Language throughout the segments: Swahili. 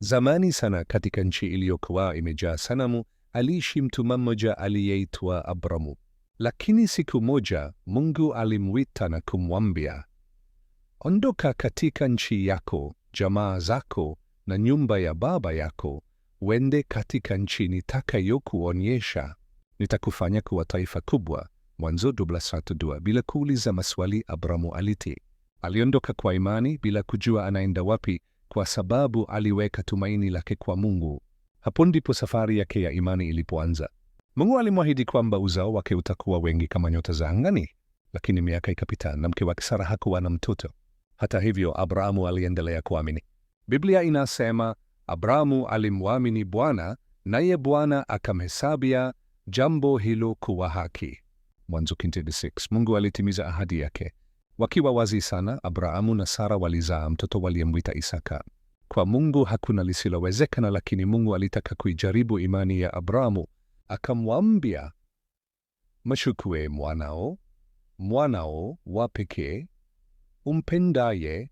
Zamani sana katika nchi iliyokuwa imejaa sanamu, aliishi mtu mmoja aliyeitwa Abramu. Lakini siku moja Mungu alimwita na kumwambia, ondoka katika nchi yako, jamaa zako na nyumba ya baba yako, wende katika nchi nitakayokuonyesha. Nitakufanya kuwa taifa kubwa. Mwanzo dubla Bila kuuliza maswali, Abramu aliti aliondoka kwa imani, bila kujua anaenda wapi, kwa sababu aliweka tumaini lake kwa Mungu. Hapo ndipo safari yake ya imani ilipoanza. Mungu alimwahidi kwamba uzao wake utakuwa wengi kama nyota za angani, lakini miaka ikapita na mke wake Sara hakuwa na mtoto. Hata hivyo, Abrahamu aliendelea kuamini. Biblia inasema Abrahamu alimwamini Bwana, naye Bwana akamhesabia jambo hilo kuwa haki. Mwanzo 26. Mungu alitimiza ahadi yake. Wakiwa wazi sana, Abrahamu na Sara walizaa mtoto waliyemwita Isaka. Kwa Mungu hakuna lisilowezekana, lakini Mungu alitaka kuijaribu imani ya Abrahamu. Akamwambia, mashukue mwanao mwanao wa pekee umpendaye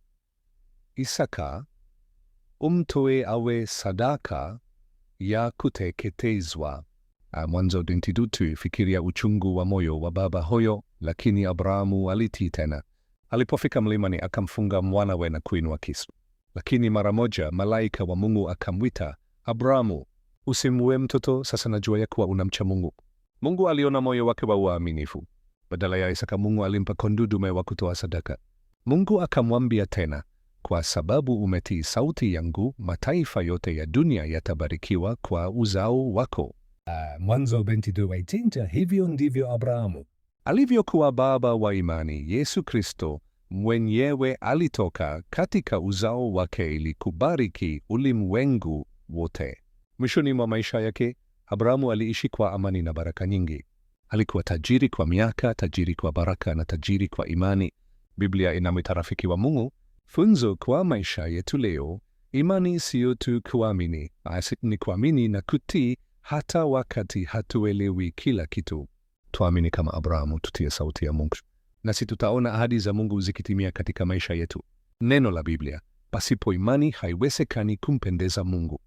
Isaka, umtoe awe sadaka ya kuteketezwa. Ah, Mwanzo 22. Fikiria uchungu wa moyo wa baba huyo, lakini Abrahamu alitii tena. Alipofika mlimani akamfunga mwanawe na kuinua kisu, lakini mara moja malaika wa Mungu akamwita Abrahamu, usimue mtoto, sasa najua ya kuwa unamcha Mungu. Mungu aliona moyo wake wa uaminifu. Badala ya Isaka, Mungu alimpa kondoo dume wa kutoa sadaka. Mungu akamwambia tena, kwa sababu umetii sauti yangu, mataifa yote ya dunia yatabarikiwa kwa uzao wako. Uh, Mwanzo 22:18. Hivyo ndivyo Abrahamu Alivyokuwa baba wa imani, Yesu Kristo mwenyewe alitoka katika uzao wake ili kubariki ulimwengu wote. Mwishoni mwa maisha yake, Abrahamu aliishi kwa amani na baraka nyingi. Alikuwa tajiri kwa miaka, tajiri kwa baraka na tajiri kwa imani. Biblia inamwita rafiki wa Mungu. Funzo kwa maisha yetu leo: imani siyo tu kuamini, ni kuamini na kutii, hata wakati hatuelewi kila kitu tuamini kama Abrahamu, tutie sauti ya Mungu nasi tutaona ahadi za Mungu zikitimia katika maisha yetu. Neno la Biblia, pasipo imani haiwezekani kumpendeza Mungu.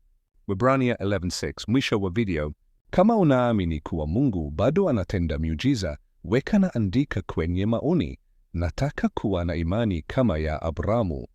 Waebrania 11:6. Mwisho wa video. Kama unaamini kuwa Mungu bado anatenda miujiza, weka na andika kwenye maoni. Nataka kuwa na imani kama ya Abrahamu.